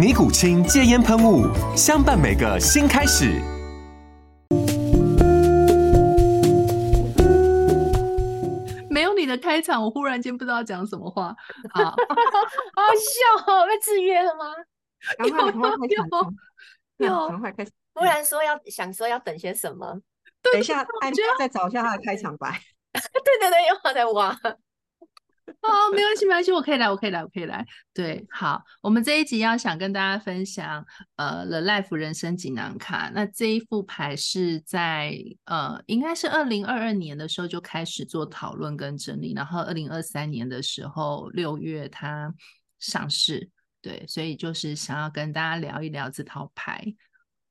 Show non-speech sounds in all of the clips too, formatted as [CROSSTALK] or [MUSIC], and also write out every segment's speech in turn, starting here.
尼古清戒菸噴霧，相伴每個新開始。沒有你的開場，我忽然間不知道講什麼話好，好笑哦，被制約了嗎？趕快開始，對 [LAUGHS] 開，趕 [LAUGHS] 快開始。 [LAUGHS] 忽然說要想說要等些什麼？等一下，哎， [LAUGHS] 再找一下他的開場白。 [LAUGHS] 對對對，有我在玩。哦、 [LAUGHS] oh，沒關係，沒關係，我可以來，我可以來，我可以來。對，好，我們這一集要想跟大家分享，呃，《The Life 人生錦囊卡》。那這一副牌是在呃，應該是二零二二年的時候就開始做討論跟整理，然後二零二三年的時候六月它上市。對，所以就是想要跟大家聊一聊這套牌。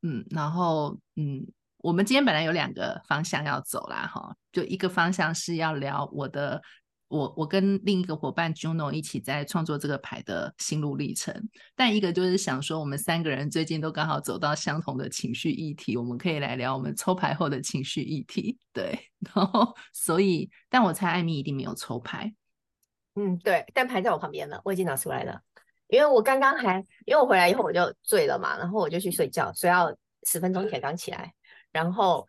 嗯，然後嗯，我們今天本來有兩個方向要走啦，齁，就一個方向是要聊我的。我我跟另一個夥伴 Juno 一起在創作這個牌的心路歷程，但一個就是想說，我們三個人最近都剛好走到相同的情緒議題，我們可以來聊我們抽牌後的情緒議題。對，然後所以，但我猜艾米一定沒有抽牌。嗯，對，但牌在我旁邊了，我已經拿出來了，因為我剛剛還因為我回來以後我就醉了嘛，然後我就去睡覺，睡到十分鐘前剛起來，嗯、然後。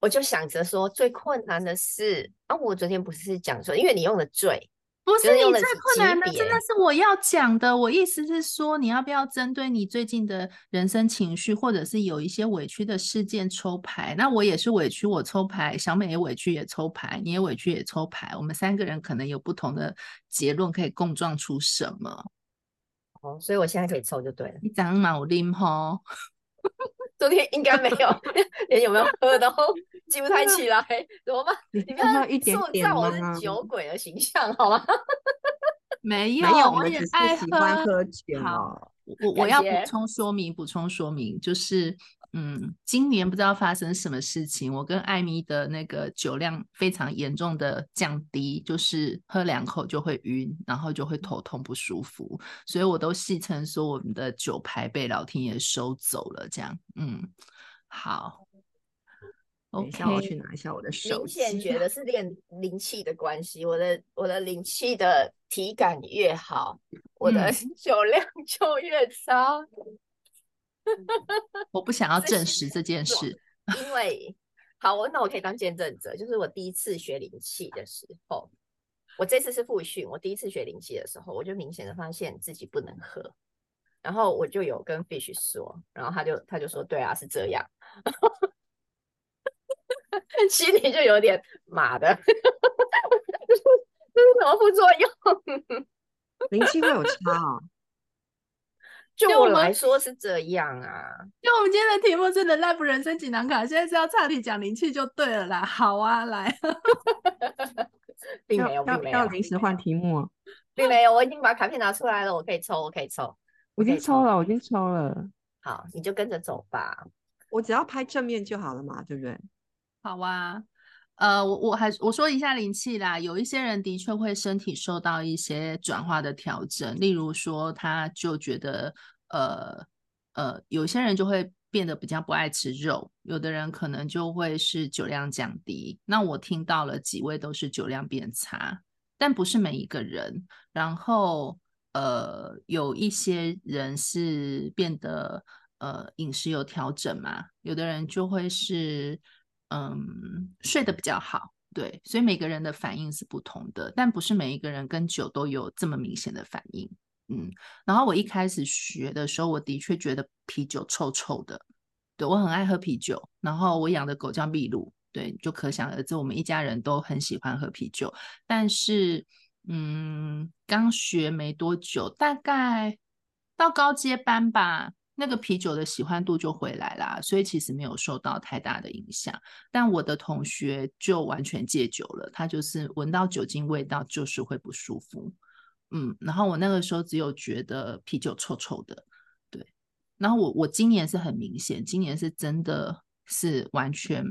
我就想着說，最困難的是啊，我昨天不是講說，因為你用了最，不是你最困難的，真的是我要講的,的。我意思是說，你要不要針對你最近的人生情緒，或者是有一些委屈的事件抽牌？那我也是委屈，我抽牌；小美也委屈，也抽牌；你也委屈，也抽牌。我們三個人可能有不同的結論，可以共撞出什麼、哦？所以我現在可以抽就對了。你長毛領齁。 [LAUGHS] 昨天應該沒有，連 [LAUGHS] [LAUGHS] 有沒有喝都記不太起來， [LAUGHS] 怎麼辦？你不要塑造我是酒鬼的形象，好嗎？沒有， [LAUGHS] 我也愛我是喜歡喝酒我我要補充說明，補充說明就是，嗯，今年不知道發生什麼事情，我跟艾米的那個酒量非常嚴重的降低，就是喝兩口就會暈，然後就會頭痛不舒服，所以我都戲稱說我們的酒牌被老天爺收走了，這樣，嗯，好。Okay, 等一下，我去拿一下我的手機。明顯覺得是練靈氣的關係，我的我的靈氣的體感越好，嗯、我的酒量就越糟。嗯、 [LAUGHS] 我不想要證實這件事，因為好，我那我可以當見證者，就是我第一次學靈氣的時候，我這次是復訓，我第一次學靈氣的時候，我就明顯的發現自己不能喝，然後我就有跟 Fish 說，然後他就他就說，對啊，是這樣。 [LAUGHS] [LAUGHS] 心裡就有點麻的 [LAUGHS] ，這是什麼副作用？靈氣會有差、哦、 [LAUGHS] 就我們來說是這樣啊。就我們今天的題目是“真的耐不人生錦囊卡”，現在是要差題講靈氣就對了啦。好啊，來， [LAUGHS] [LAUGHS] 並沒有，並沒有臨時換題目並，並沒有，我已經把卡片拿出來了，我可以抽，我可以抽，我已經抽了，我已經抽了，我已經抽了。好，你就跟着走吧，我只要拍正面就好了嘛，對不對？好啊，呃，我我還我說一下靈氣啦，有一些人的確會身體受到一些轉化的調整，例如說他就覺得，呃呃，有些人就會變得比較不愛吃肉，有的人可能就會是酒量降低。那我聽到了幾位都是酒量變差，但不是每一個人。然後呃，有一些人是變得呃飲食有調整嘛，有的人就會是。嗯嗯，睡得比較好，對，所以每個人的反應是不同的，但不是每一個人跟酒都有這麼明顯的反應。嗯，然後我一開始學的時候，我的確覺得啤酒臭臭的，對，我很愛喝啤酒。然後我養的狗叫秘魯，對，就可想而知，我們一家人都很喜歡喝啤酒。但是，嗯，剛學沒多久，大概到高階班吧。那個啤酒的喜歡度就回來了，所以其實沒有受到太大的影響。但我的同學就完全戒酒了，他就是聞到酒精味道就是會不舒服。嗯，然後我那個時候只有覺得啤酒臭臭的，對。然後我我今年是很明顯，今年是真的是完全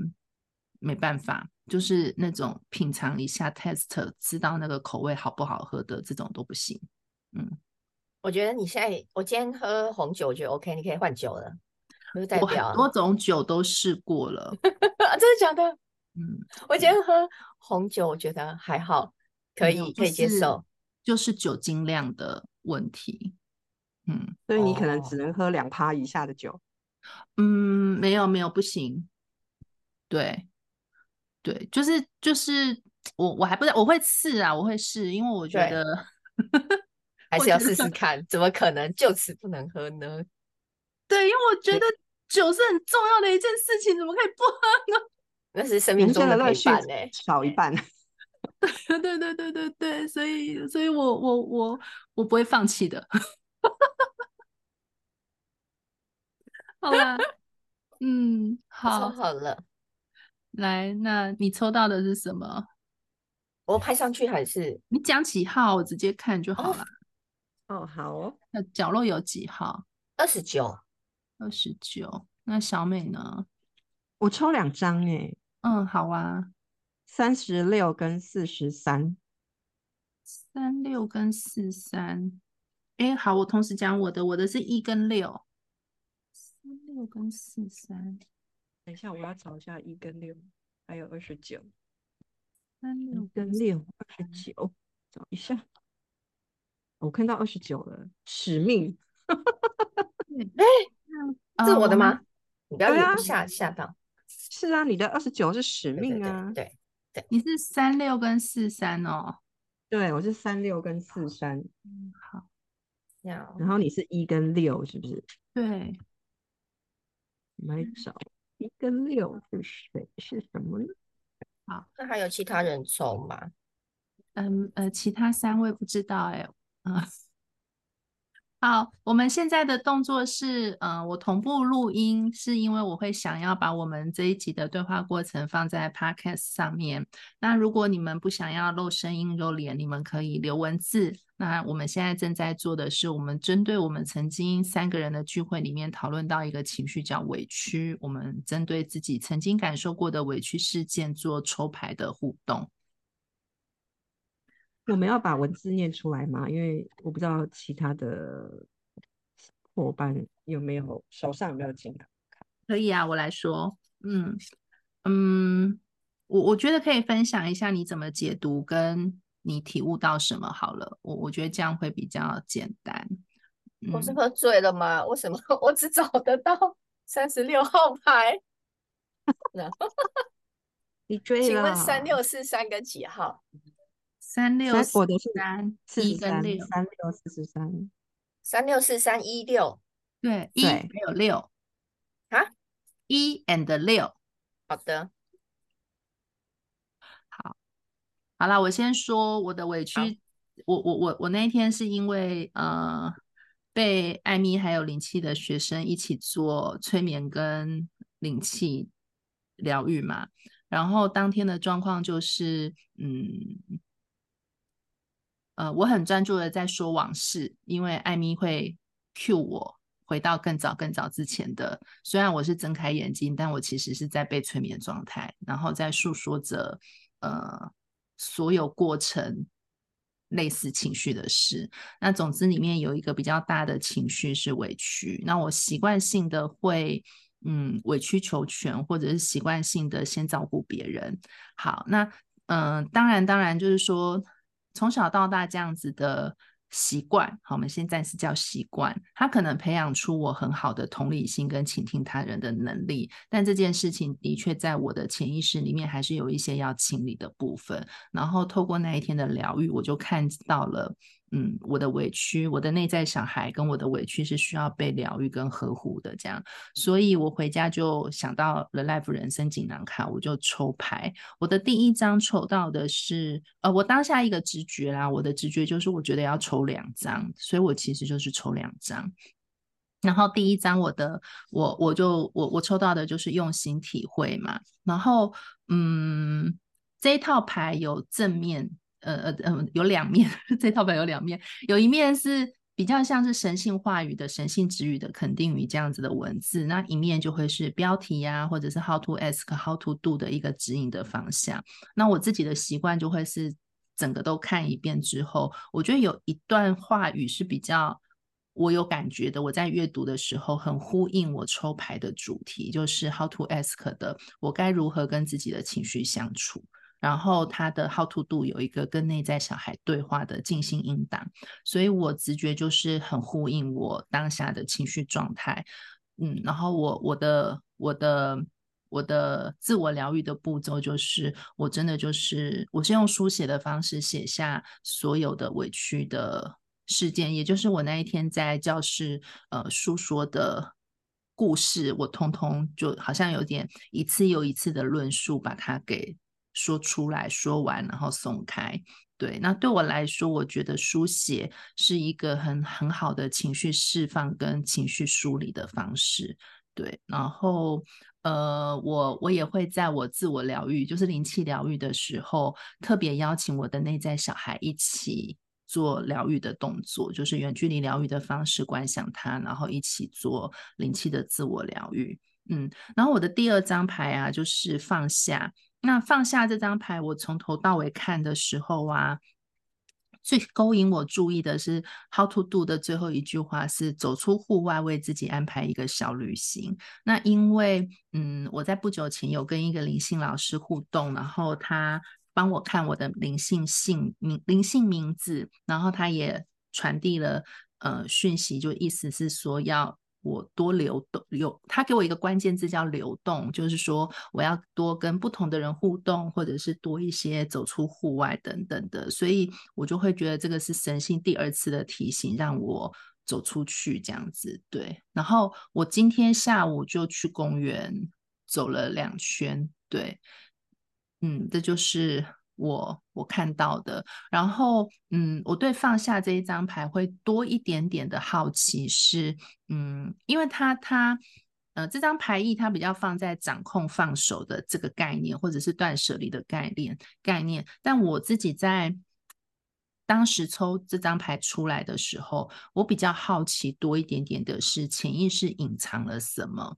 沒辦法，就是那種品嘗一下 test，知道那個口味好不好喝的這種都不行，嗯。我覺得你現在，我今天喝紅酒我覺得 OK，你可以換酒了，代表了。我很多種酒都試過了， [LAUGHS] 真的假的？嗯，我今天喝紅酒，我覺得還好，嗯，可以，可以接受。就是酒精量的問題，嗯，所以你可能只能喝兩趴以下的酒。哦。嗯，沒有，沒有，不行。對，對，就是就是，我我還不知道我會試啊，我會試，因為我覺得。 [LAUGHS] 還是要試試看，怎麼可能就此不能喝呢？對，因為我覺得酒是很重要的一件事情，怎麼可以不喝呢？那是生命中的另一半，少一半。對對對對對，所以所以我我我我不會放棄的。 [LAUGHS] 好了啦， [LAUGHS] 嗯，好，好了，來，那你抽到的是什麼？我拍上去還是你講幾號，我直接看就好了。哦 Oh, 好哦，好。那角落有幾號？二十九，二十九。那小美呢？我抽兩張欸。嗯，好啊。三十六跟四十三，三六跟四三。哎、欸，好，我同時講我的，我的是一跟六，三六跟四三。等一下，我要找一下一跟六，還有二十九，三六跟六二十九，6, 29，找一下。我看到二十九了，使命。哎、 [LAUGHS] 嗯，是我的嗎？嗯、你不要嚇嚇、啊、到。是啊，你的二十九是使命啊。對對，對，對，對，你是三六跟四三哦。對，我是三六跟四三。嗯，好。然後你是一跟六，是不是？對。來找、嗯、一跟六是誰？是什麼呢？好，那還有其他人抽嗎？嗯呃，其他三位不知道哎、欸。啊。 [LAUGHS] 好，我們現在的動作是，呃，我同步錄音，是因為我會想要把我們這一集的對話過程放在 podcast 上面。那如果你們不想要露聲音、露臉，你們可以留文字。那我們現在正在做的是，我們針對我們曾經三個人的聚會裡面討論到一個情緒叫委屈，我們針對自己曾經感受過的委屈事件做抽牌的互動。我們要把文字念出來嗎？因為我不知道其他的夥伴有沒有手上有沒有錦囊卡？可以啊，我來說。嗯嗯，我我覺得可以分享一下你怎麼解讀，跟你體悟到什麼好了。我我覺得這樣會比較簡單。嗯、我是喝醉了嗎？為什麼我只找得到三十六號牌？ [LAUGHS] [LAUGHS] 你醉了？請問三六四三跟幾號？三六，四三，四三六四三，三六四三一六，對，對一還有六，啊，一 and 六，好的，好，好啦，我先說我的委屈，我我我我那天是因為呃，被艾米還有靈氣的學生一起做催眠跟靈氣療癒嘛，然後當天的狀況就是，嗯。呃，我很專注的在說往事，因為愛咪會 cue 我回到更早更早之前的。雖然我是睜開眼睛，但我其實是在被催眠狀態，然後在訴說着呃所有過程類似情緒的事。那總之裡面有一個比較大的情緒是委屈。那我習慣性的會嗯委曲求全，或者是習慣性的先照顧別人。好，那嗯、呃，當然當然就是說。從小到大這樣子的習慣，好，我們先暫時叫習慣，它可能培養出我很好的同理心跟傾聽他人的能力，但這件事情的確在我的潛意識裡面還是有一些要清理的部分，然後透過那一天的療癒，我就看到了。嗯，我的委屈，我的內在小孩跟我的委屈是需要被療癒跟呵護的，這樣。所以我回家就想到了 Life 人生錦囊卡，我就抽牌。我的第一張抽到的是，呃，我當下一個直覺啦，我的直覺就是我覺得要抽兩張，所以我其實就是抽兩張。然後第一張我的，我我就我我抽到的就是用心體會嘛。然後，嗯，這一套牌有正面。呃呃嗯，有兩面，這套牌有兩面，有一面是比較像是神性話語的神性指語的肯定語這樣子的文字，那一面就會是標題呀，啊，或者是 how to ask how to do 的一個指引的方向。那我自己的習慣就會是整個都看一遍之後，我覺得有一段話語是比較我有感覺的，我在閱讀的時候很呼應我抽牌的主題，就是 how to ask 的我該如何跟自己的情緒相處。然後他的 How to do 有一個跟內在小孩對話的靜心音檔，所以我直覺就是很呼應我當下的情緒狀態。嗯，然後我我的我的我的自我療癒的步驟就是，我真的就是，我先用書寫的方式寫下所有的委屈的事件，也就是我那一天在教室呃訴說的故事，我通通就好像有點一次又一次的論述，把它給。說出來，說完，然後鬆開。對，那對我來說，我覺得書寫是一個很很好的情緒釋放跟情緒梳理的方式。對，然後，呃，我我也會在我自我療癒，就是靈氣療癒的時候，特別邀請我的內在小孩一起做療癒的動作，就是遠距離療癒的方式，觀想他，然後一起做靈氣的自我療癒。嗯，然後我的第二張牌啊，就是放下。那放下這張牌，我從頭到尾看的時候啊，最勾引我注意的是 “how to do” 的最後一句話是“走出戶外，為自己安排一個小旅行”。那因為，嗯，我在不久前有跟一個靈性老師互動，然後他幫我看我的靈性姓名靈性名字，然後他也傳遞了呃訊息，就意思是說要。我多流動，有他給我一個關鍵字叫流動，就是說我要多跟不同的人互動，或者是多一些走出戶外等等的，所以我就會覺得這個是神性第二次的提醒，讓我走出去這樣子。對，然後我今天下午就去公園走了兩圈，對，嗯，這就是。我我看到的，然後嗯，我對放下這一張牌會多一點點的好奇是，嗯，因為他他呃這張牌意他比較放在掌控放手的這個概念，或者是斷捨離的概念概念。但我自己在當時抽這張牌出來的時候，我比較好奇多一點點的是潛意識隱藏了什麼。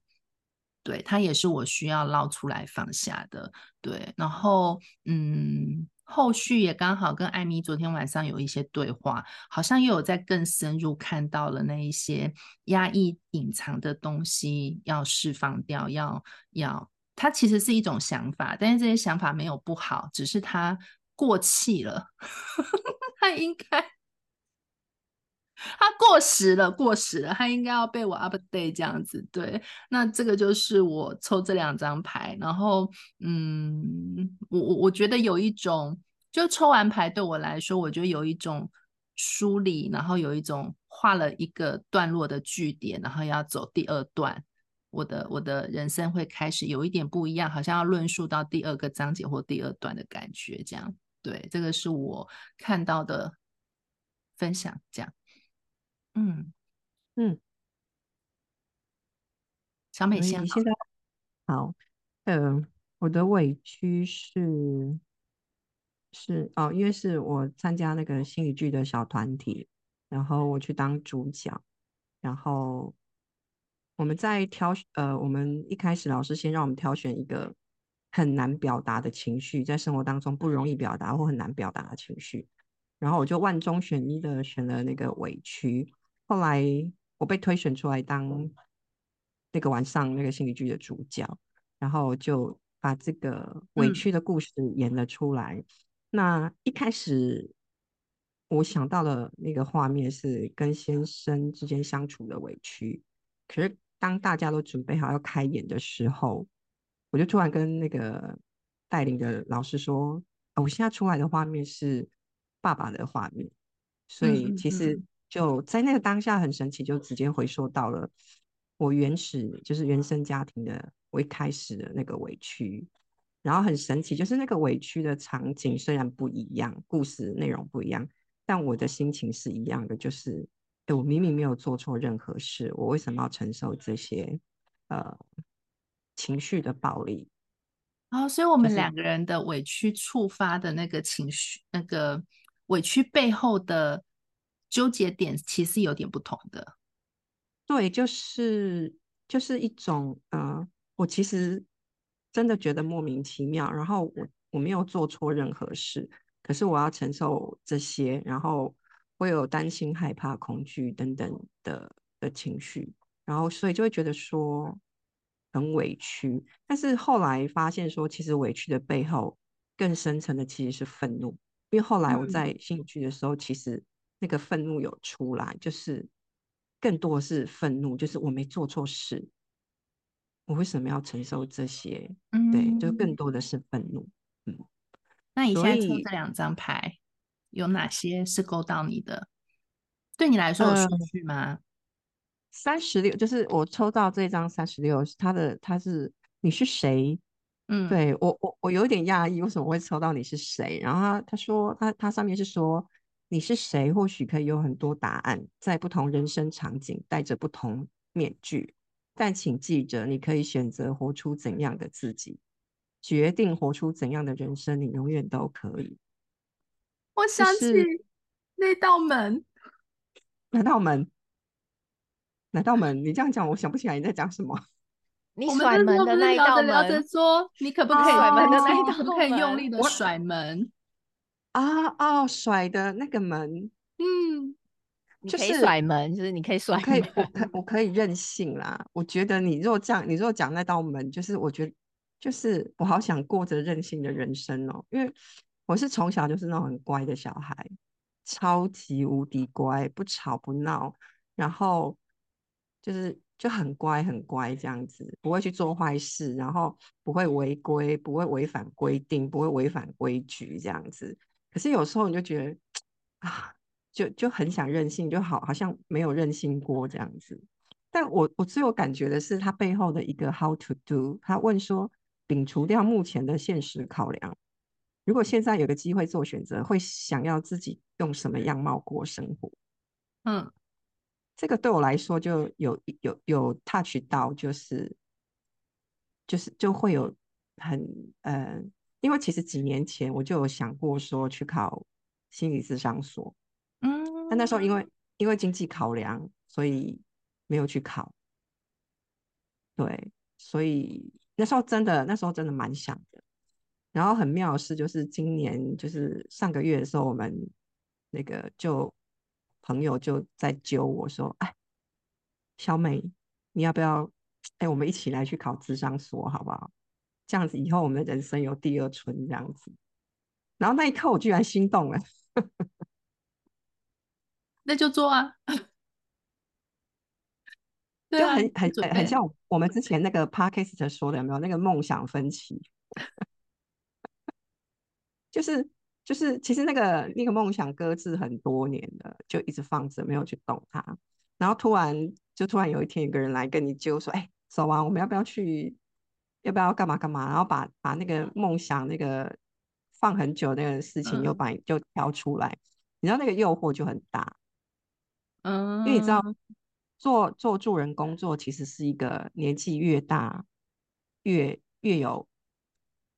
對，它也是我需要撈出來放下的。對，然後嗯，後續也剛好跟愛咪昨天晚上有一些對話，好像又有在更深入看到了那一些壓抑、隱藏的東西要釋放掉，要要，它其實是一種想法，但是這些想法沒有不好，只是它過氣了，它 [LAUGHS] 應該。它過時了，過時了，它應該要被我 update 這樣子，對。那這個就是我抽這兩張牌，然後，嗯，我我我覺得有一種，就抽完牌對我來說，我覺得有一種梳理，然後有一種畫了一個段落的句點，然後要走第二段，我的我的人生會開始有一點不一樣，好像要論述到第二個章節或第二段的感覺，這樣，對，這個是我看到的分享，這樣。嗯嗯，小美你現在好，好，呃，我的委屈是是哦，因為是我參加那個心理劇的小團體，然後我去當主角，然後我們在挑呃，我們一開始老師先讓我們挑選一個很難表達的情緒，在生活當中不容易表達或很難表達的情緒，然後我就萬中選一的選了那個委屈。後來我被推選出來當那個晚上那個心理劇的主角，然後就把這個委屈的故事演了出來。嗯。那一開始我想到了那個畫面是跟先生之間相處的委屈，可是當大家都準備好要開演的時候，我就突然跟那個帶領的老師說：“哦，我現在出來的畫面是爸爸的畫面。”所以其實。嗯嗯嗯。就在那個當下，很神奇，就直接回溯到了我原始，就是原生家庭的我一開始的那個委屈。然後很神奇，就是那個委屈的場景雖然不一樣，故事內容不一樣，但我的心情是一樣的。就是，我明明沒有做錯任何事，我為什麼要承受這些呃情緒的暴力？哦，所以我們兩個人的委屈觸發的那個情緒，那個委屈背後的，糾結點其實有點不同的，對，就是就是一種，呃我其實真的覺得莫名其妙。然後我我沒有做錯任何事，可是我要承受這些，然後我有擔心、害怕、恐懼等等的的情緒，然後所以就會覺得說很委屈。但是後來發現說，其實委屈的背後更深層的其實是憤怒，因為後來我在心理劇的時候，其實、嗯。那個憤怒有出來，就是更多的是憤怒，就是我沒做錯事，我為什麼要承受這些？嗯、對，就更多的是憤怒。嗯、那你現在抽這兩張牌，有哪些是勾到你的？對你來說有順序嗎？三十六，36, 就是我抽到這張三十六，他的他是你是誰？嗯，對我我我有點訝異，為什麼我會抽到你是誰？然後他他說他他上面是說。你是誰？或許可以有很多答案，在不同人生場景戴着不同面具，但請記著，你可以選擇活出怎樣的自己，決定活出怎樣的人生，你永遠都可以。我想起那道門，那道門？那道門？你這樣講，我想不起來你在講什麼。你甩門的那道門 [NOISE] 我們剛剛不是聊着聊着說，你可不可以甩門的那一道，oh, 可不可以用力的甩門？Oh, 啊、oh, 哦、oh，甩的那個門，嗯，你可以甩門，就是可、就是、你可以甩門，我可以我可我可以任性啦。我覺得你若這樣，你若講那道門，就是我覺得，就是我好想過着任性的人生哦、喔。因為我是從小就是那種很乖的小孩，超級無敵乖，不吵不鬧，然後就是就很乖很乖這樣子，不會去做壞事，然後不會違規，不會違反規定，不會違反規矩這樣子。可是有時候你就覺得啊，就就很想任性就好，好像沒有任性過這樣子。但我我最有感覺的是他背後的一個 “how to do”。他問說：“摒除掉目前的現實考量，如果現在有個機會做選擇，會想要自己用什麼樣貌過生活？”嗯，這個對我來說就有有有 touch 到，就是就是就會有很嗯。呃因為其實幾年前我就有想過說去考心理諮商所，嗯，但那時候因為因為經濟考量，所以沒有去考。對，所以那時候真的那時候真的蠻想的。然後很妙的是，就是今年就是上個月的時候，我們那個就朋友就在揪我說：“哎，小美，你要不要？哎，我們一起來去考諮商所，好不好？”這樣子以後，我們的人生有第二春這樣子。然後那一刻，我居然心動了。 [LAUGHS] 那就做啊，對、就很很像我們之前那個 Podcast 說的，有沒有那個夢想分歧？就是就是，其實那個那個夢想擱置很多年了，就一直放着沒有去動它。然後突然就突然有一天，有個人來跟你揪說：“哎，走啊，我們要不要去？”要不要幹嘛幹嘛？然後把把那個夢想、嗯、那個放很久的那個事情又把、嗯、就挑出來，你知道那個誘惑就很大。嗯，因為你知道，做做助人工作其實是一個年紀越大越越有，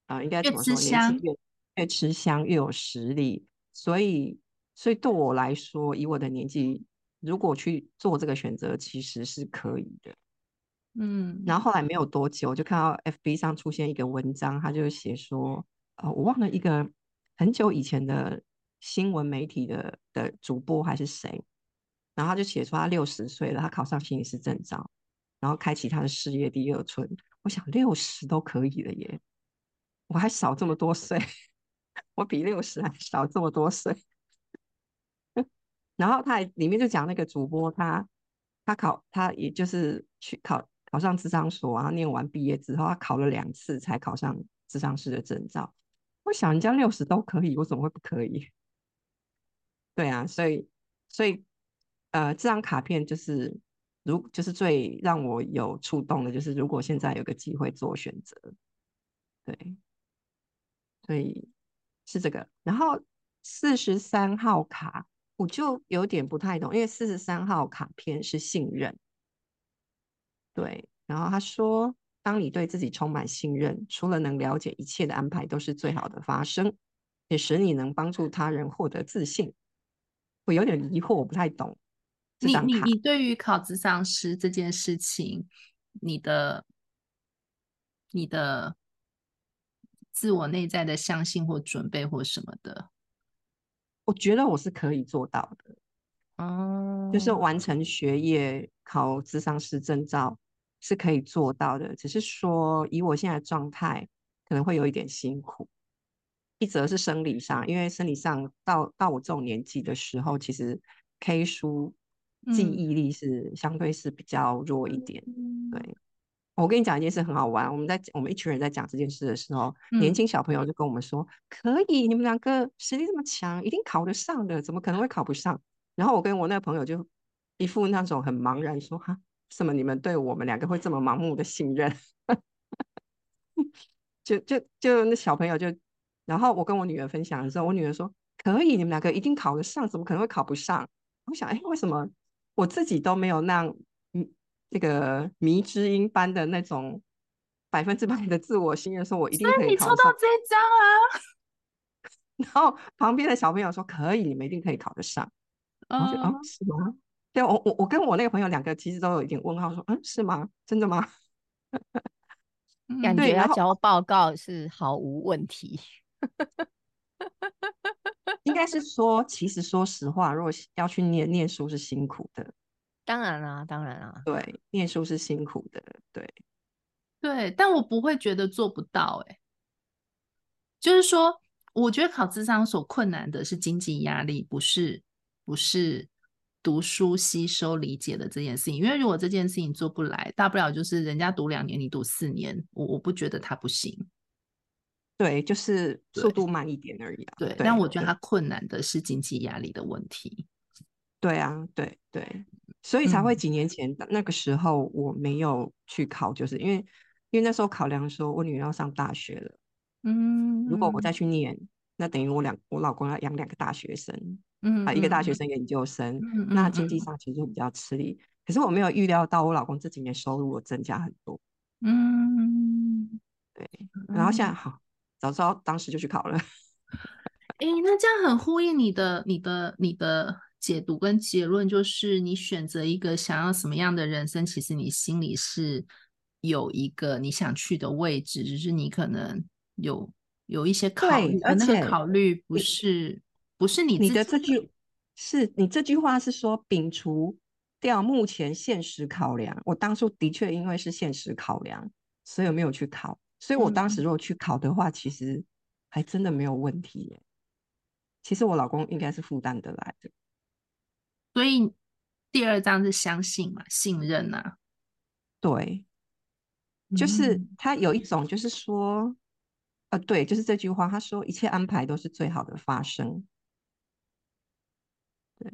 啊、呃，應該怎麼說？年紀越越吃香，越，越，吃香越有實力。所以，所以對我來說，以我的年紀，如果去做這個選擇，其實是可以的。嗯，然後後來沒有多久，我就看到 FB 上出現一個文章，他就寫說，呃、哦，我忘了一個很久以前的新聞媒體的的主播還是誰，然後他就寫出他六十歲了，他考上心理師證照，然後開啟他的事業第二春。我想六十都可以了耶，我還少這麼多歲，我比六十還少這麼多歲。然後他還裡面就講那個主播他他考他也就是去考。考上諮商所啊，念完畢業之後，啊，他考了兩次才考上諮商師的證照。我想人家六十都可以，我怎麼會不可以？對啊，所以所以呃，這張卡片就是如就是最讓我有觸動的，就是如果現在有個機會做選擇，對，所以是這個。然後四十三號卡，我就有點不太懂，因為四十三號卡片是信任。對，然後他說，當你對自己充滿信任，除了能了解一切的安排都是最好的發生，也使你能幫助他人獲得自信。我有點疑惑，我不太懂。你你你對於考執上師這件事情，你的你的自我內在的相信或準備或什麼的，我覺得我是可以做到的。啊、oh.，就是完成學業、考諮商師證照是可以做到的，只是說以我現在的狀態，可能會有一點辛苦。一則，是生理上，因為生理上到到我這種年紀的時候，其實 K 書記憶力是相對是比較弱一點。嗯、對，我跟你講一件事很好玩，我們在我們一群人在講這件事的時候，年輕小朋友就跟我們說：“嗯、可以，你們兩個實力這麼強，一定考得上的，怎麼可能會考不上？”然後我跟我那朋友就一副那種很茫然說，說哈什麼你們對我們兩個會這麼盲目的信任？ [LAUGHS] 就就就那小朋友就，然後我跟我女兒分享的時候，我女兒說可以，你們兩個一定考得上，怎麼可能會考不上？我想哎，為什麼我自己都沒有那嗯這個迷之音般的那種百分之百的自我信任，說我一定可以考得上？所以你抽到這一張啊， [LAUGHS] 然後旁邊的小朋友說可以，你們一定可以考得上。哦、uh... 哦，是嗎？對我我我跟我那個朋友兩個其實都有一點問號說，說嗯是嗎？真的嗎？ [LAUGHS] 感覺要交報告是毫無問題，嗯， [LAUGHS] 應該是說其實說實話，如果要去念念書是辛苦的，當然啦，啊，當然啦，啊，對，念書是辛苦的，對對，但我不會覺得做不到，欸，哎，就是說，我覺得考諮商所困難的是經濟壓力，不是。不是讀書吸收理解的這件事情，因為如果這件事情做不來，大不了就是人家讀兩年，你讀四年，我我不覺得他不行。對，就是速度慢一點而已，啊對。對，但我覺得他困難的是經濟壓力的問題。對，對，對啊，對對，所以才會幾年前，嗯，那個時候我沒有去考，就是因為因為那時候考量說我女兒要上大學了，嗯，如果我再去念，嗯，那等於我兩我老公要養兩個大學生。嗯、啊、一個大學生、研究生、嗯，那經濟上其實就比較吃力。嗯嗯、可是我沒有預料到，我老公這幾年收入有增加很多。嗯，對。然後現在好、嗯哦，早知道當時就去考了。誒、欸，那這樣很呼應你的、你的、你的、你的解讀跟結論，就是你選擇一個想要什麼樣的人生，其實你心裡是有一個你想去的位置，只是你可能有有一些考慮，而且、那個、考慮不是。欸不是你，你的這句是，你這句話是說，摒除掉目前現實考量。我當初的確因為是現實考量，所以沒有去考。所以我當時如果去考的話，嗯、其實還真的沒有問題耶。其實我老公應該是負擔得來的。所以第二張是相信嘛，信任吶、啊。對，就是他有一種，就是說、嗯，呃，對，就是這句話，他說一切安排都是最好的發生。對，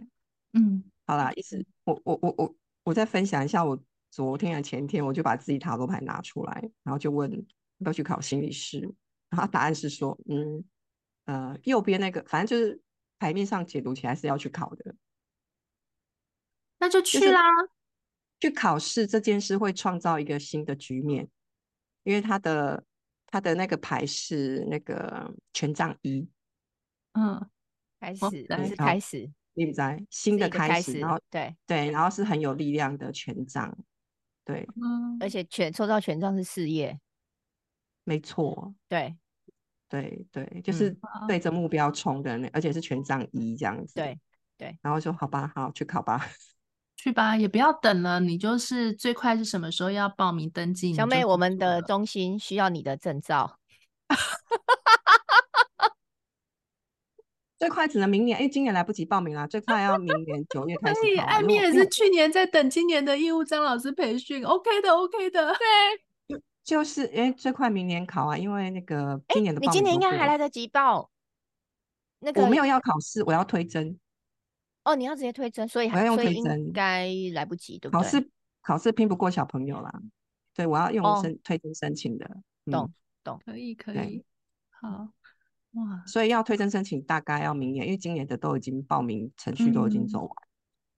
嗯，好啦，意思我我我我我再分享一下，我昨天啊前天我就把自己塔羅牌拿出來，然後就問要，要去考心理師，然後答案是說，嗯，呃，右邊那個，反正就是牌面上解讀起來是要去考的，那就去啦，就是、去考試這件事會創造一個新的局面，因為他的他的那個牌是那個權杖一，嗯，開始，開始，開始。在新的開始，開始對對，然後是很有力量的權杖，對，嗯、而且權抽到權杖是事業，沒錯，對對對，就是對着目標衝的那、嗯，而且是權杖一這樣子，對對，然後說好吧，好去考吧，去吧，也不要等了，你就是最快是什麼時候要報名登記？小美，我們的中心需要你的證照。 [LAUGHS] 最快只能明年，因為今年來不及報名了，最快要明年九月開始、啊。可 [LAUGHS] 以，愛咪也是去年在等今年的義務張老師培訓 [LAUGHS] ，OK 的，OK 的，對。就、就是、欸，最快明年考啊，因為那個今年的報名、欸。你今年應該還來得及報。那個我沒有要考試，我要推甄。哦，你要直接推甄，所以還要用推甄，應該來不及，對不對？考試考試拼不過小朋友啦。對，我要用申、哦、推甄申請的，嗯、懂懂，可以可以，好。哇，所以要推甄申請大概要明年，因為今年的都已經報名程序都已經走完，嗯、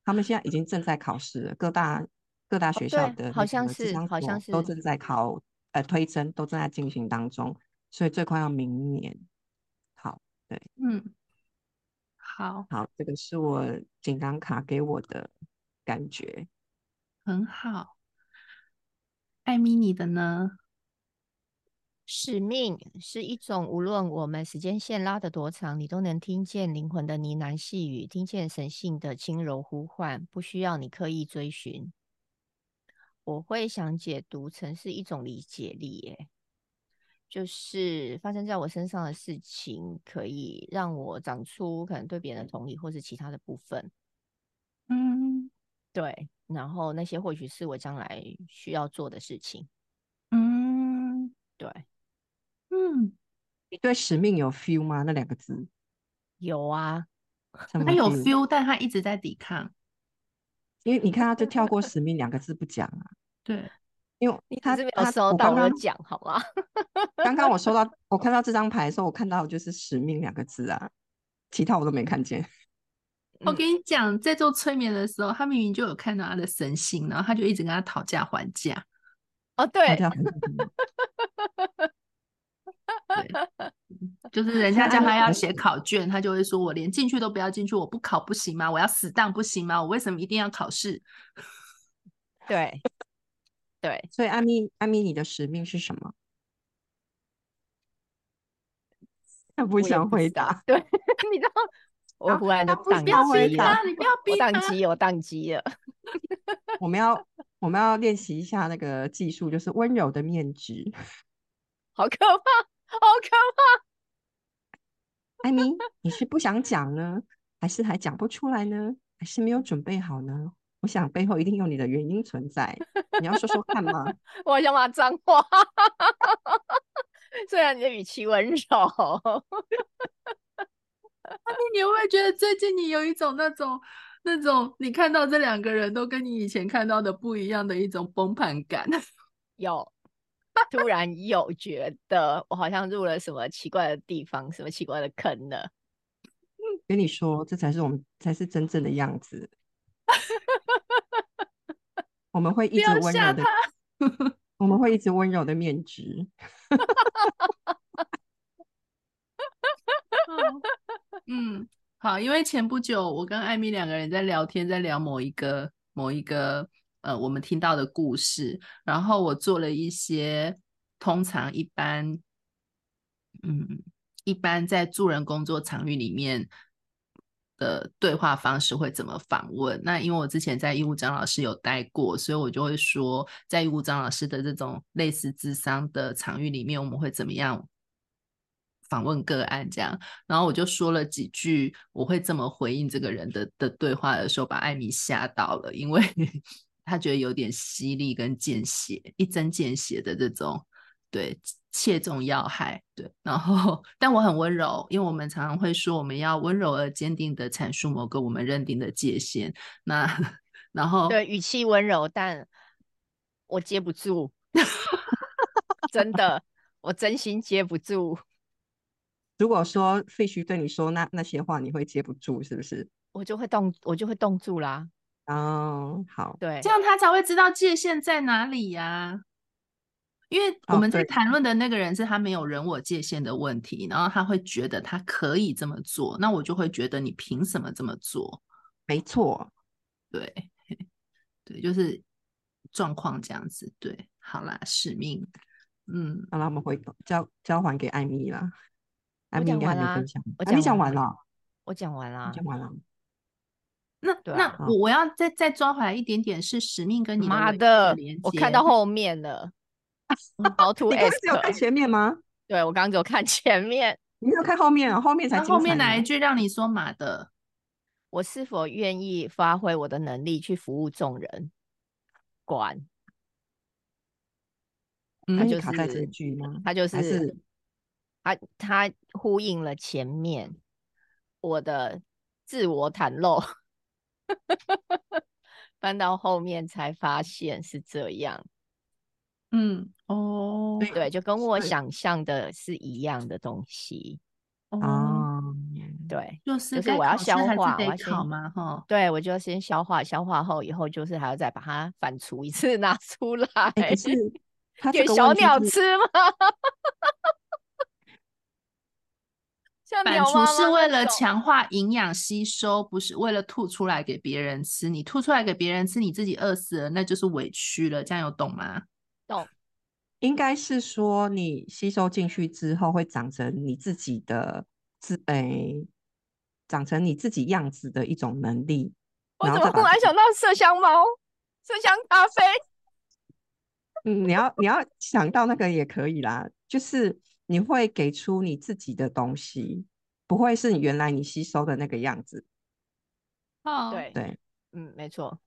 他們現在已經正在考試，各大各大學校的，哦，好像是好像是都正在考，呃，推甄都正在進行當中，所以最快要明年。好，對，嗯，好，好，這個是我錦囊卡給我的感覺，很好。愛咪你的呢？使命是一種，無論我們時間線拉得多長，你都能聽見靈魂的呢喃細語，聽見神性的輕柔呼喚，不需要你刻意追尋。我會想解讀成是一種理解力耶，就是發生在我身上的事情，可以讓我長出可能對別人的同理，或是其他的部分。嗯，對。然後那些或許是我將來需要做的事情。嗯，你對使命有 feel 嗎？那兩個字有啊，他有 feel，但他一直在抵抗，因為你看，他就跳過使命兩個字不講啊。 [LAUGHS] 對，因為他他候剛他講好了。 [LAUGHS] 剛剛我收到，我看到這張牌的時候，我看到就是使命兩個字啊，其他我都沒看見。我跟你講，在做催眠的時候，他明明就有看到他的神性，然後他就一直跟他討價還價。哦，對。 [LAUGHS] [LAUGHS] 就是人家叫他要寫考卷，啊，他就會說：“我連進去都不要進去，我不考不行嗎？我要死當不行嗎？我為什麼一定要考試？”對，對，所以愛咪愛咪，你的使命是什麼？他不想回答。對， [LAUGHS] 你知道我忽然、啊、他不想回答，你不要逼我當機，我當機了，我當機了，我當機了 [LAUGHS] 我。我們要我們要練習一下那個技術，就是溫柔的面質，好可怕。好可怕，愛咪，你是不想講呢，還是還講不出來呢，還是沒有準備好呢？我想背後一定有你的原因存在，你要說說看嗎？我想要罵髒話， [LAUGHS] [LAUGHS] 雖然你的語氣溫柔，愛咪，你有沒有覺得最近你有一種那種那種，你看到這兩個人都跟你以前看到的不一樣的一種崩盤感？ [LAUGHS] 有。 [LAUGHS] 突然又覺得我好像入了什麼奇怪的地方， [LAUGHS] 什麼奇怪的坑呢、嗯？跟你說，這才是我們才是真正的樣子。 [LAUGHS] [LAUGHS] 我們會一直溫柔的，我們會一直溫柔的面具。 [LAUGHS] [LAUGHS] [LAUGHS] [LAUGHS] [LAUGHS] 嗯，好，因為前不久我跟愛咪兩個人在聊天，在聊某一個某一個。呃，我們聽到的故事，然後我做了一些通常一般，嗯，一般在助人工作場域裡面的對話方式會怎麼訪問？那因為我之前在義務張老師有待過，所以我就會說，在義務張老師的這種類似諮商的場域裡面，我們會怎麼樣訪問個案這樣，然後我就說了幾句，我會這麼回應這個人的的對話的時候，把艾米嚇到了，因為。他覺得有點犀利跟見血，一針見血的這種，對，切中要害，對。然後，但我很溫柔，因為我們常常會說，我們要溫柔而堅定的闡述某個我們認定的界限。那，然後對語氣溫柔，但我接不住， [LAUGHS] 真的， [LAUGHS] 我真心接不住。如果說 Fish 對你說那那些話，你會接不住是不是？我就會凍，我就會凍住啦。哦、oh,，好，對，這樣他才會知道界限在哪裡呀、啊。因為我們在談論的那個人是他沒有人我界限的問題、oh,，然後他會覺得他可以這麼做，那我就會覺得你憑什麼這麼做？沒錯，對，對，就是狀況這樣子。對，好啦，使命，嗯，好了，我們回交交還給愛咪了，愛咪講完啦？講完愛咪講完,、啊、完了？我講完了，講完了。那對、啊、那我我要再再抓回來一點點，是使命跟你的連結，媽的，我看到後面了， [LAUGHS] 我 auto [LAUGHS] 你看前面嗎？對，我剛剛只有看前面，你要看後面啊，後面才，後面哪一句讓你說“媽的”？我是否願意發揮我的能力去服務眾人？管、嗯、他就是在這句嗎？他就是還是，他他呼應了前面我的自我袒露。 [LAUGHS] 搬到後面才發現是這樣，嗯，哦，對，就跟我想象的是一樣的東西，哦，對，是就是，我要消化，我好嗎？哈、嗯，對，我就先消化，消化後以後就是還要再把它反芻一次拿出來、欸，給小鳥吃嗎？ [LAUGHS] 板廚是為了強化營養吸收，不是為了吐出來給別人吃。你吐出來給別人吃，你自己餓死了，那就是委屈了。這樣有懂嗎？懂。應該是說，你吸收進去之後，會長成你自己的自、欸、長成你自己樣子的一種能力。我怎麼忽然想到麝香貓、麝香咖啡？嗯， [LAUGHS] 你要你要想到那個也可以啦，就是。你會給出你自己的東西，不會是你原來你吸收的那個樣子。哦，對對，嗯，沒錯，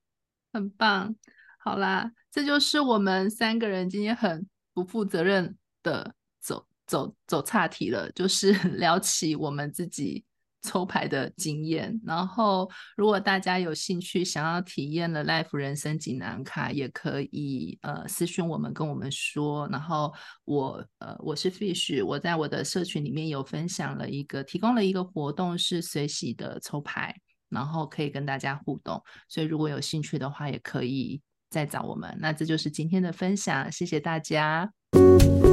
很棒。好啦，這就是我們三個人今天很不負責任的走走走岔題了，就是聊起我們自己。抽牌的經驗，然後如果大家有興趣想要體驗的 Life 人生錦囊卡，也可以呃私訊我們跟我們說。然後我呃我是 Fish，我在我的社群裡面有分享了一個提供了一個活動是隨喜的抽牌，然後可以跟大家互動，所以如果有興趣的話，也可以再找我們。那這就是今天的分享，謝謝大家。嗯